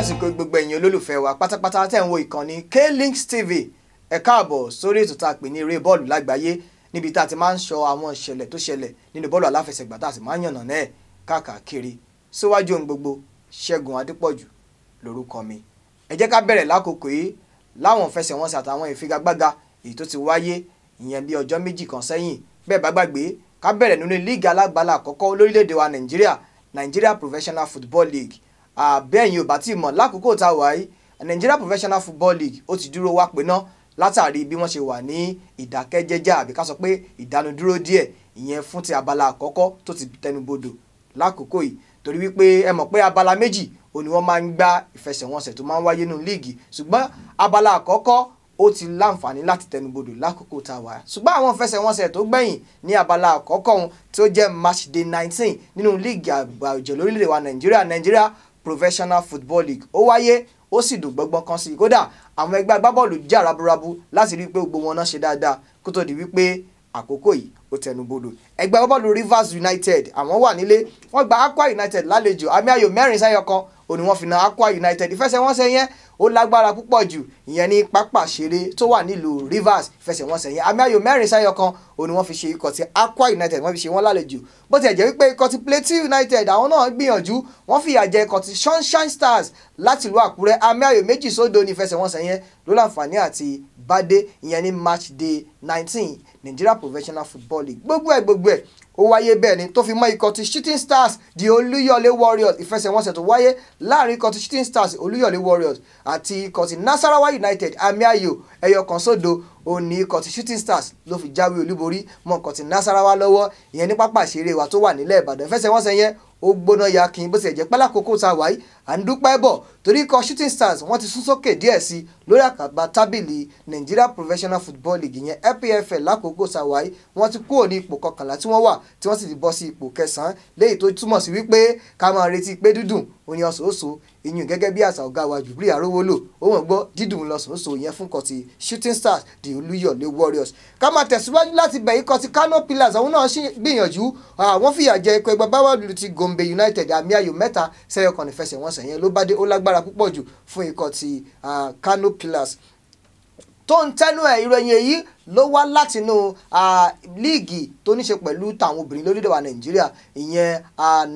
àsìkò gbogbo ẹ̀yin olólùfẹ́ wa pátápátá tẹ̀ ń wo ìkànnì K-Links TV ẹ káàbọ̀ sórí ètò tá a pè ní eré bọ́ọ̀lù lágbàáyé níbi tá a ti máa ń sọ àwọn ìṣẹ̀lẹ̀ tó ṣẹlẹ̀ nínú bọ́ọ̀lù aláfẹsẹ̀gbá tá a sì máa ń yànnà náà káàkiri síwájú ohun gbogbo Ṣẹ́gun Adépọ̀jù lórúkọ mi ẹ jẹ́ ká bẹ̀rẹ̀ lákòókò yìí láwọn fẹsẹ̀wọnsẹ̀ àtàwọn ìfigagbága èyí tó ti wáyé ìyẹn bí ọjọ́ méjì kan sẹ́yìn bẹ́ẹ̀ bá gbàgbé ká bẹ̀rẹ̀ nínú líìgì alágbálá wa Nàìjíríà Nigeria Professional Football League àbẹ́yìn ò bá tí mọ̀ lákòókò tá a wà yìí Nigeria Professional Football League ó ti dúró wá pé náà látàrí bí wọ́n ṣe wà ní ìdákẹ́jẹ́jẹ́ àbí ká sọ pé ìdánudúró díẹ̀ ìyẹn fún ti abala àkọ́kọ́ tó ti tẹnubodò lákòókò yìí torí wípé ẹ mọ̀ pé abala méjì ó ní wọ́n máa ń gbá ìfẹsẹ̀wọnsẹ̀ tó máa ń wáyé nínú líìgì ṣùgbọ́n abala àkọ́kọ́ ó ti láǹfààní láti tẹnubodò lákòókò tá a wà ṣùgbọ́n àwọn ìfẹsẹ̀wọnsẹ̀ tó gbẹ̀yìn ní abala àkọ́kọ́ ohun tí jẹ́ match day nineteen nínú líìgì àgbà òjò lórílẹ̀ wa Nàìjíríà Nàìjíríà Professional Football League ó wáyé ó sì dùn gbọ́ngbọ́n kan sí i kódà àwọn ẹgbẹ́ agbábọ́ọ̀lù jà raburabu láti rí i pé gbogbo wọn náà ṣe dáadáa kó tó di wípé àkókò yìí ó tẹnubodò ẹgbẹ́ agbábọ́ọ̀lù Rivers United àwọn wà nílé wọ́n gba Aqua United lálejò àmì ayò mẹ́rin sáyọ kan òní wọ́n fi na Aqua United ìfẹsẹ̀wọnsẹ̀ yẹn ó lágbára púpọ̀ jù ìyẹn ní pápá ṣeré tó wà nílùú Rivers ìfẹsẹ̀wọnsẹ̀ yẹn àmì ayò mẹ́rin sáyọ kan òun ni wọ́n fi ṣe ikọ̀ ti Akwa United wọ́n fi ṣe wọ́n lálejò bó ti ẹ̀ jẹ́ wípé ikọ̀ ti Plateau United àwọn náà gbìyànjú wọ́n fi jẹ ikọ̀ ti Sunshine Stars láti ìlú àkúrẹ́ àmì ayò méjì sódò ní ìfẹsẹ̀wọnsẹ̀ yẹn ló láǹfààní àti bádé ìyẹn ní match day nineteen nigeria professional football league gbogbo ẹ̀ gbogbo ẹ̀ ó wáyé bẹ́ẹ̀ ni tó fi mọ́ ikọ̀ ti shooting stars di olúyọ̀lé warriors ìfẹsẹ̀wọnsẹ̀ tó wáyé láàrin ikọ̀ ti shooting stars olúyọ̀lé warriors àti ikọ̀ ti nasarawa united àmì ayò ẹ̀yọ̀ kan sódò òní ikọ̀ ti shooting stars ló fi jáwé olúborí mọ́ ikọ̀ ti nasarawa lọ́wọ́ ìyẹn ní pápá ìṣeré wa tó wà nílẹ̀ ìbàdàn ìfẹsẹ̀wọnsẹ̀ yẹn ó gbóná yakin bó ṣe jẹ́ pálákòókò tá a wáyé à ń dúpẹ́ bọ̀ torí ikọ̀ shooting stars wọ́n ti sún sókè díẹ̀ sí i lórí àkàbà tábìlì Nigeria Professional Football League yẹn NPFL lákòókò tá a wáyé wọ́n ti kúrò ní ipò kọkànlá tí wọ́n wà tí wọ́n sì ti bọ́ sí ipò kẹsàn-án léyìí tó túmọ̀ sí wípé ká máa retí pé dúdùn òní ọ̀sọ̀ọ̀sọ̀ ìyún gẹ́gẹ́ bí àṣà ọ̀gá wa Jubril Arówólò ó wọ́n gbọ́ dídùn lọ́sọ̀ọ̀sọ̀ yẹn fún kọ̀tì Shooting Stars di Olúyọ̀lé Warriors ká máa tẹ̀síwájú láti bẹ̀yí kọ̀tì Kano Pillars àwọn náà ṣì gbìyànjú àwọn fìyà jẹ ikọ̀ ẹgbẹ́ báwọ̀lù ti Gombe United àmì ayò mẹ́ta sẹ́yọkàn nífẹsẹ̀wọnsẹ̀ yẹn ló bá dé ó lágbára púpọ̀ jù fún ikọ̀ ti Kano Pillars tó ń tẹ́nu ẹ̀ ìròyìn èyí ló wá látinú líìgì tó ní ṣe pẹ̀lú tàwọn obìnrin lórílẹ̀ wa nàìjíríà ìyẹn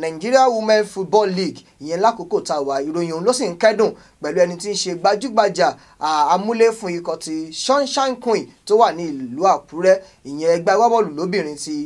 Nigeria Women Football League ìyẹn lákòókò tá a wà ìròyìn òun ló sì ń kẹ́dùn pẹ̀lú ẹni tí ń ṣe gbajúgbajà amúlé fún ikọ̀ ti Sunshine Queen tó wà ní ìlú Àkúrẹ́ ìyẹn ẹgbẹ́ agbábọ́ọ̀lù lóbìnrin ti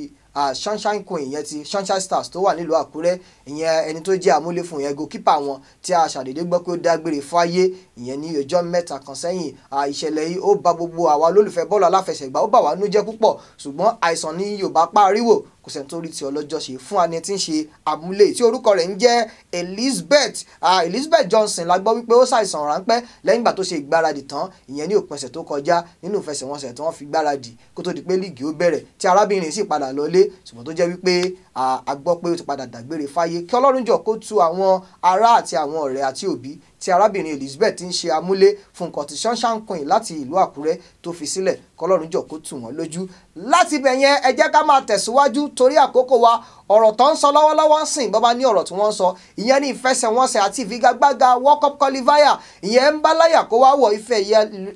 sunshine coin ìyẹn ti sunshine stars tó wà nílùú àkúrẹ́ ìyẹn ẹni tó jẹ́ àmúlẹ́fún ìyẹn goalkeeper wọn tí a ṣàdédé gbọ́ pé ó dágbére fáyé ìyẹn ní ọjọ́ mẹ́ta kan sẹ́yìn ìṣẹ̀lẹ̀ yìí ó bà gbogbo àwa olólùfẹ́ bọ́ọ̀lù aláfẹsẹ̀gbá ó bà wá nínú jẹ́ púpọ̀ ṣùgbọ́n àìsàn ní yorùbá pariwo kò sẹ́ni tó rí ti ọlọ́jọ́ ṣe fún ẹni tí ń ṣe àmúlé tí orúkọ rẹ̀ ń jẹ́ Elizabeth uh, Elizabeth Johnson la gbọ́ wípé ó ṣàìsàn ráńpẹ́ lẹ́yìn ìgbà tó ṣe ìgbáradì tán ìyẹn ní òpin ọ̀sẹ̀ tó kọjá nínú ìfẹsẹ̀wọnsẹ̀ tí wọ́n fi gbáradì kó tó di pé líìgì ó bẹ̀rẹ̀ tí arábìnrin sì padà lọlé ṣùgbọ́n tó jẹ́ wípé a gbọ́ pé ó ti padà dàgbére fáyé kí Ọlọ́run jọ kó tu àwọn ará àti àwọn ọ̀rẹ́ àti òbí tí arábìnrin Elizabeth ti ń ṣe amúlé fún nǹkan tí Sunshine Queen láti ìlú Àkúrẹ́ tó fi sílẹ̀ kọlọ́run jọ̀ kó tù wọ́n lójú láti bẹ̀ yẹn ẹ jẹ́ ká máa tẹ̀síwájú torí àkókò wa ọ̀rọ̀ tó ń sọ lọ́wọ́lọ́wọ́ ń sìn bọ́ba ní ọ̀rọ̀ tí wọ́n ń sọ ìyẹn ní ìfẹsẹ̀wọnsẹ̀ àti ìfigagbága World Cup qualifier ìyẹn ń bá láyà kó wá wọ ife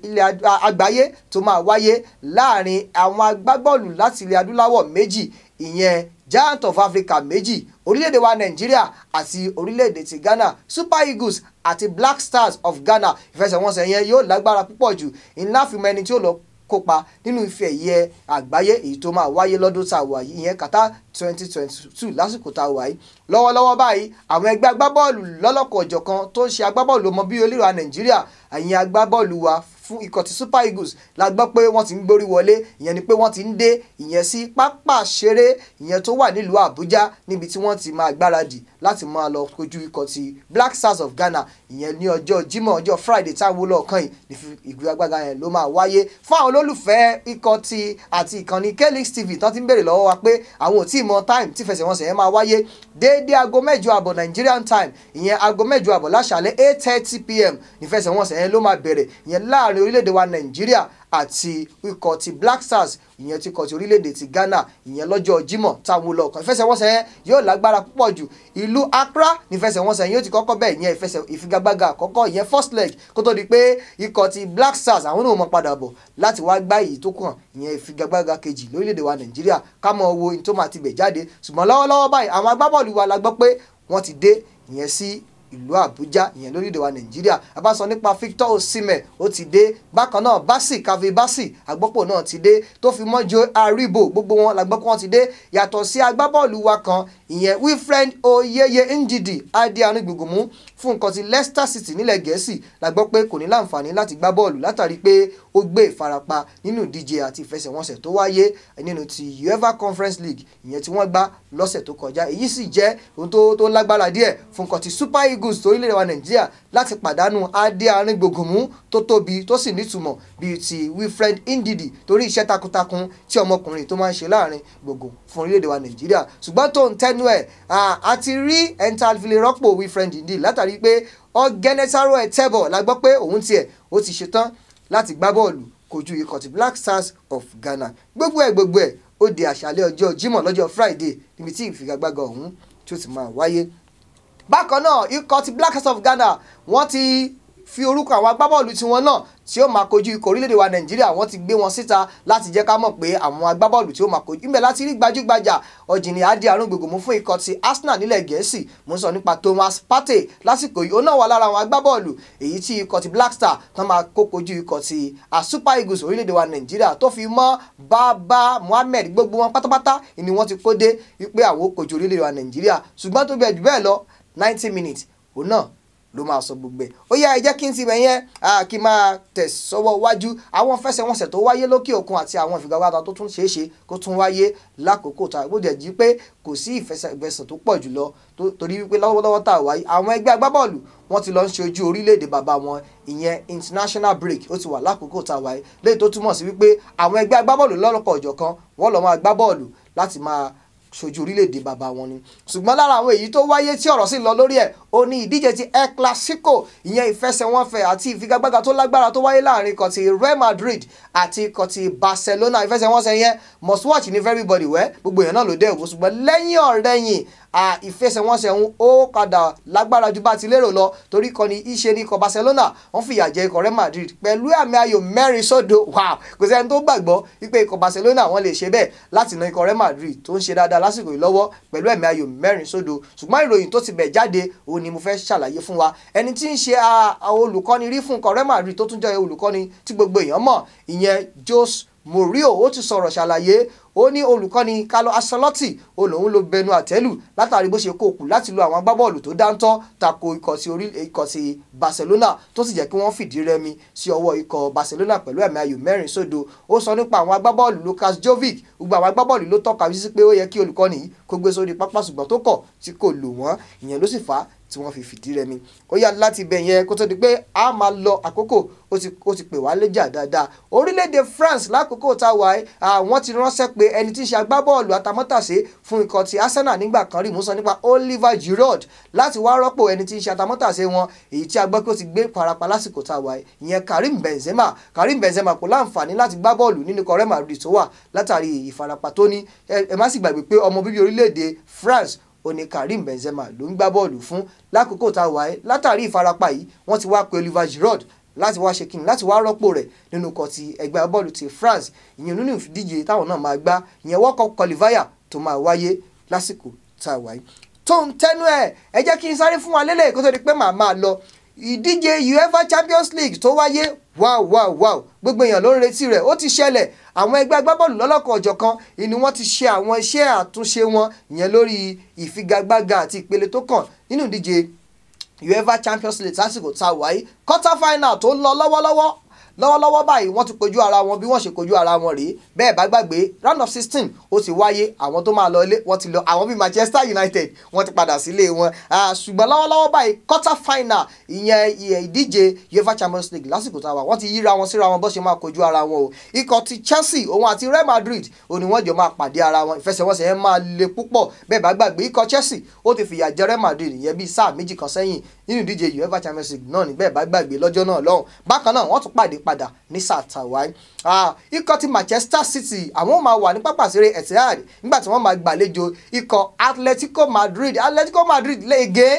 ilẹ̀ àgbáyé tó máa wáyé láàrin àwọn agbábọ́ọ̀lù láti ilẹ̀ adúláwọ̀ méjì ìyẹn Giant of Africa méjì orílẹ̀-èdè wa nàìjíríà àti orílẹ̀-èdè ti ghana super eagles àti black stars of ghana ìfẹsẹ̀wọnsẹ̀ yẹn yóò lágbára púpọ̀ jù ńlá fi mọ ẹni tí ó lọ kópa nínú ife ẹ̀yẹ àgbáyé èyí tó máa wáyé lọ́dún tá a wà yìí ìyẹn kàtá twenty twenty two lásìkò tá a wà yìí lọ́wọ́lọ́wọ́ báyìí àwọn ẹgbẹ́ agbábọ́ọ̀lù lọ́lọ́kọ̀ọ̀jọ̀kan tó ń ṣe agbábọ́ọ̀lù ọmọ bíi olúwa nàìjíríà ẹ̀yìn agbábọ́ọ̀lù wa fún ikọ̀ ti Super Eagles la gbọ́ pé wọ́n ti ń gbórí wọlé ìyẹn ni pé wọ́n ti ń dé ìyẹn sí pápá ṣeré ìyẹn tó wà nílùú Àbújá níbi tí wọ́n ti máa gbáradì láti máa lọ kojú ikọ̀ ti Black Stars of Ghana ìyẹn ní ọjọ́ Jímọ̀ ọjọ́ Friday táwọn olóòkàn yìí ní ìgbéragbága yẹn ló máa wáyé fún àwọn olólùfẹ́ ikọ̀ ti àti ìkànnì Kelix TV tán ti ń béèrè lọ́wọ́ wa pé àwọn ò tí ì mọ time tí fẹsẹ̀wọnsẹ̀ yẹn máa wáyé déédéé aago mẹ́jọ àbọ̀ Nigerian time ìyẹn aago mẹ́jọ àbọ̀ láṣàlẹ̀ eight thirty pm nífẹsẹ̀wọnsẹ̀ yẹn ló máa bẹ̀rẹ̀ ìyẹn láàrin orílẹ̀-èdè wa nàìjíríà àti ikọ̀ ti black stars ìyẹn ti kọ̀ ti orílẹ̀-èdè ti ghana ìyẹn lọ́jọ́ jímọ̀ táwọn olùkọ́ ìfẹsẹ̀wọnsẹ̀ yẹn yóò lágbára púpọ̀ jù ìlú accra ní ìfẹsẹ̀wọnsẹ̀ yẹn yóò ti kọ́kọ́ bẹ́ẹ̀ ìyẹn ìfẹsẹ̀ ìfigagbága àkọ́kọ́ ìyẹn first leg kó tó di pé ikọ̀ ti black stars àwọn náà mọ̀ padà bọ̀ láti wá gbá èyí tó kàn ìyẹn ìfigagbága kejì lórílẹ̀-èdè wa nàìjíríà ká mọ̀ wo ìtòmọ̀ àti bẹ̀ jáde ṣùgbọ́n lọ́wọ́lọ́wọ́ báyìí àwọn agbábọ́ọ̀lù wa la gbọ́ pé wọ́n ti dé ìyẹn sí ìlú àbújá ìyẹn lórílẹ̀‐èdè wa nàìjíríà a bá sọ nípa Victor Osimhen ó ti dé bákan náà Bassey Kavi Bassey agbọ́pọ̀ náà ti dé tó fi mọ́jọ́ Aribo gbogbo wọn làgbọ́pọ̀ wọn ti dé yàtọ̀ sí agbábọ́ọ̀lù wa kan ìyẹn wilfred oyeye ndidi adéanú gbùgbùmù fún nǹkan ti leicester city nílẹ̀ gẹ̀ẹ́sì la gbọ́ pé kò ní láǹfààní láti gbá bọ́ọ̀lù látàrí pé ó gbé ìfarapa nínú ìdíje àti ìfẹsẹ̀wọnsẹ̀ tó wáyé nínú ti uefa conference league ìyẹn tí wọ́n gbá lọ́sẹ̀ tó kọjá èyí sì jẹ́ ohun tó tó lágbára díẹ̀ fún nǹkan ti super eagles torílẹ̀ wa nàìjíríà láti pàdánù adéanú gbùgbùmù tó tóbi tó sì nítumọ̀ bíi ti wilfred ndidi torí iṣẹ́ takuntakun tí ọmọkùnrin tó máa ń ṣe láàrin gbùngbùn fún orílẹ̀-èdè wa nàìjíríà ṣùgbọ́n tó ń tẹ́ni nínú ẹ̀ àti rí ẹ̀ńtà fi lè rọ́pò Wilfred Ndidi látàrí pé ọ̀gẹ́nẹ́sàrò ẹ̀ tẹ́bọ̀ la gbọ́ pé òun tiẹ̀ ó ti ṣetán láti gbá bọ́ọ̀lù kojú ikọ̀ ti Black Stars of Ghana gbogbo ẹ̀ gbogbo ẹ̀ ó di àṣálẹ́ ọjọ́ Jímọ̀ lọ́jọ́ Friday níbi tí ìfigagbága ọ̀hún tó ti máa wáyé bákan náà ikọ̀ ti Black Stars of Ghana wọ́n ti fi orúkọ àwọn agbábọ́ọ̀lù tiwọn náà tí ó máa kojú ikọ̀ orílẹ̀-èdè wa nàìjíríà wọ́n ti gbé wọn síta láti jẹ́ ká mọ̀ pé àwọn agbábọ́ọ̀lù tí ó máa kojú ńbẹ̀ láti rí gbajúgbajà ọ̀jìnì adé arúgbògbò mú fún ikọ̀ ti arsenal nílẹ̀ gẹ̀ẹ́sì mo sọ nípa thomas partey lásìkò yìí ó náà wà lára àwọn agbábọ́ọ̀lù èyí tí ikọ̀ ti black star tán máa kó kojú ikọ̀ ti super eagles orílẹ̀-èdè wa nàìjíríà tó fi mọ́ bàbá mohammed gbogbo wọn pátápátá ni wọ́n ti kó wa nàìjíríà ṣùgbọ́n tó bẹ̀ jù minutes òun ló máa sọ gbogbo ẹ̀ ó yá ẹ jẹ́ kí n ti bẹ̀ yẹn kí n máa tẹ̀sọ́wọ́ wájú àwọn fẹsẹ̀wọnsẹ̀ tó wáyé lókè òkun àti àwọn ìfigagbága tó tún ṣeé ṣe kó tún wáyé lákòókò tá bó dẹ̀ jí pé kò sí ìfẹsẹ̀gbẹsẹ̀ tó pọ̀ jùlọ torí wípé lọ́wọ́lọ́wọ́ tá a wáyé àwọn ẹgbẹ́ agbábọ́ọ̀lù wọ́n ti lọ ń ṣe ojú orílẹ̀-èdè bàbá wọn ìyẹn international break ó ti wà lákòókò tá a wáyé léyìí tó túmọ̀ sí wípé àwọn ẹgbẹ́ agbábọ́ọ̀lù lọ́lọ́kọ̀ ọ̀jọ̀kan wọ́n lọ́ máa gbá láti máa ṣojú orílẹ̀-èdè bàbá wọn ni ṣùgbọ́n lára àwọn èyí tó wáyé tí ọ̀rọ̀ sì lọ lórí ẹ̀ ó ní ìdíje ti El Clasico ìyẹn ìfẹsẹ̀wọnsẹ̀ àti ìfigagbága tó lágbára tó wáyé láàrin ikọ̀ ti Real Madrid àti ikọ̀ ti Barcelona ìfẹsẹ̀wọnsẹ̀ yẹn must watch ní everybody wẹ́ gbogbo èèyàn náà ló dé òwò ṣùgbọ́n lẹ́yìn ọ̀rẹ́yìn ìfẹsẹ̀wọnsẹ̀ ọ̀hún ó padà lágbára ju bá ti lérò lọ torí kọ́ ni iṣẹ́ ní ikọ̀ Barcelona wọ́n fìyà jẹ ikọ̀ Real Madrid pẹ̀lú àmì ayò mẹ́rin sódo wow kò sẹ́ni tó gbàgbọ́ wípé ikọ̀ Barcelona wọ́n lè ṣe bẹ́ẹ̀ láti na ikọ̀ Real Madrid tó ń ṣe dáadáa lásìkò yìí lọ́wọ́ pẹ̀lú àmì ayò mẹ́rin sódo ṣùgbọ́n ìròyìn tó ti bẹ̀ jáde òun ni mo fẹ́ ṣàlàyé fún wa ẹni tí ń ṣe olùkọ́ni rí fún ikọ̀ Real Madrid tó tún jẹ́ olùkọ́ni tí gbogbo èèyàn mọ̀ ìyẹn Jose Mourinho ó ti sọ̀rọ̀ ṣàlàyé ó ní olùkọ́ni Carlo Ancelotti olóhùn ló bẹnu àtẹ́lù látàrí bó ṣe kóòkù láti lo àwọn agbábọ́ọ̀lù tó dáńtọ́ tako ìkọ̀sí Barcelona tó sì jẹ́ kí wọ́n fìdí rẹmi sí ọwọ́ ikọ̀ Barcelona pẹ̀lú ẹ̀mí ayò mẹ́rin sódo ó sọ nípa àwọn agbábọ́ọ̀lù Lukas Jovic gbogbo àwọn agbábọ́ọ̀lù ló tọ́ka sí pé ó yẹ kí olùkọ́ni kó gbé sórí pápá ṣùgbọ́n tó kọ̀ tí kò lò wọ́n ìyẹn ló sì fà á tí wọ́n fi fìdí rẹmi ó yá láti ibẹ̀ yẹn kó tó di pé a máa lọ àkókò ó ti pè wá léjà dáadáa orílẹ̀-èdè France lákòókò tá a wà ẹ́ àwọn ti ránṣẹ́ pé ẹni tí ń ṣe agbábọ́ọ̀lù atamátàsé fún ikọ̀ ti Arsenal nígbà kan rí musan nípa Oliver Giroud láti wá rọ́pò ẹni tí ń ṣe atamátàsé wọn èyí tí a gbọ́ pé ó ti gbé parapa lásìkò tá a wà ẹ́ ìyẹn Karim Benzema Karim Benzema kò láǹfààní láti gbá bọ́ọ̀lù nínú ikọ̀ Real Madrid tó wà látàrí ìfarapa tó ní ẹ má sì gbàgbé pé ọmọ bíbí orílẹ̀-èdè France ó ní Karim Benzema ló ń gbá bọ́ọ̀lù fún lákòókò tá a wà ẹ́ látàrí ìfarapa yìí wọ́n ti wá pe Oliver Giroud láti wá ṣe kíni láti wá rọ́pò rẹ̀ nínú ikọ̀ ti ẹgbẹ́ bọ́ọ̀lù ti France ìyẹn nínú ìdíje táwọn náà máa gbá ìyẹn World Cup qualifier tó máa wáyé lásìkò tá a wà yìí. tó ń tẹnu ẹ ẹ jẹ́ kí n sáré fún wa lélẹ̀ kó tó di pé màá máa lọ ìdíje UEFA Champions League tó wáyé wáò wáò wáò gbogbo èèyàn ló ń retí rẹ̀ ó ti ṣẹlẹ̀ àwọn ẹgbẹ́ agbábọ́ọ̀lù lọ́lọ́kan ọ̀jọ̀kan ni wọ́n ti ṣe àwọn iṣẹ́ àtúnṣe wọn ìyẹn lórí ìfigagbága àti ìpele tó kàn nínú ìdíje UEFA Champions League lásìkò tá a wáyé quarter final tó ń lọ lọ́wọ́lọ́wọ́ lọ́wọ́lọ́wọ́ báyìí wọ́n ti kojú ara wọn bí wọ́n ṣe kojú ara wọn rèé bẹ́ẹ̀ bá gbàgbé round of sixteen ó ti wáyé àwọn tó máa lọ ilé wọ́n ti lọ àwọn bíi Manchester United wọ́n ti padà sílé wọn ṣùgbọ́n lọ́wọ́lọ́wọ́ báyìí quarter final ìyẹn ìdíje UEFA Champions League lásìkò tá a wà wọ́n ti yíra wọn síra wọn bó ṣe máa kojú ara wọn o ikọ̀ ti Chelsea òun àti Real Madrid òní wọ́n jọ máa pàdé ara wọn ìfẹsẹ̀wọnsẹ̀ yẹn máa le púpọ̀ bẹ́ẹ̀ bá gbàgbé ikọ̀ Chelsea ó ti fìyà jẹ Real Madrid ìyẹn bíi sáà méjì kan sẹ́yìn nínú ìdíje uefa champions league náà níbẹ̀ bá gbàgbé lọ́jọ́ náà lọ́hùn bákan náà wọ́n tún pàdé padà ní sàtàwáì ikọ̀ ti manchester city àwọn ò máa wà ní pápásẹ̀rẹ̀ etihad nígbà tí wọ́n máa gbàlejò ikọ̀ atletico madrid atletico madrid léegé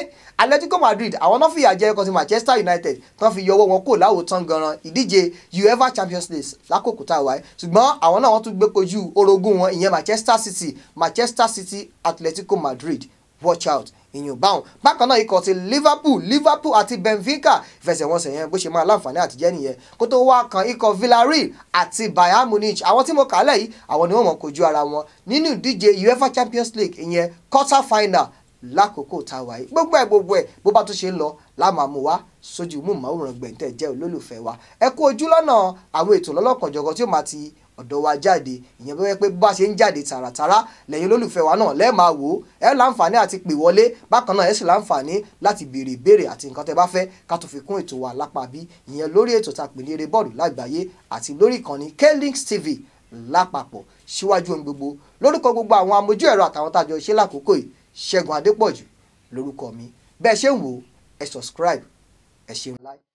atletico madrid àwọn náà fìyà jẹ ikọ̀ ti manchester united tán fi yọwọ́ wọn kò láwòtán ganan ìdíje uefa champions league lákòókò tá a wáyé ṣùgbọ́n àwọn náà wọ́n tún gbé kojú orogún wọn ìyẹn manchester city manchester city atletico madrid watch out ìyún báwọn bákan náà ikọ̀ ti Liverpool Liverpool àti Benfica ìfẹsẹ̀wọnsẹ̀ yẹn bó ṣe máa láǹfààní àtijẹ́ nìyẹn kó tó wá kan ikọ̀ Villarreal àti Bayern Munich àwọn tí mo kà á lẹ̀ yìí àwọn ni wọ́n mọ̀ kojú ara wọn nínú ìdíje UEFA Champions League ìyẹn quarter final lákòókò tá a wà yìí gbogbo ẹ̀ gbogbo ẹ̀ bó bá tún ṣe ń lọ lámàmúwá sójú mú màwòrán gbẹ̀ǹtẹ̀ jẹ́ olólùfẹ́ wa ẹ kú ojú lọ́nà àwọn ètò lọ́lọ́kanjọ̀kan tí ó máa ti ọ̀dọ̀ wa jáde ìyẹn bẹ́ẹ̀ pé bá ṣe ń jáde tààràtààrà lẹ́yìn olólùfẹ́ wa náà lẹ́ẹ̀ máa wò ó ẹ láǹfààní àti pè wọlé bákan náà ẹ sì láǹfààní láti béèrè ìbéèrè àti nǹkan tẹ bá fẹ́ ká tó fi kún ètò wa lápá bí ìyẹn lórí ètò tá a pè ní eré bọ́ọ̀lù lágbàáyé àti lórí ìkànnì Klinks TV lápapọ̀ síwájú ohun gbogbo lórúkọ gbogbo àwọn amójú ẹ̀rọ àtàwọn tàjọ ṣe lákòókò yìí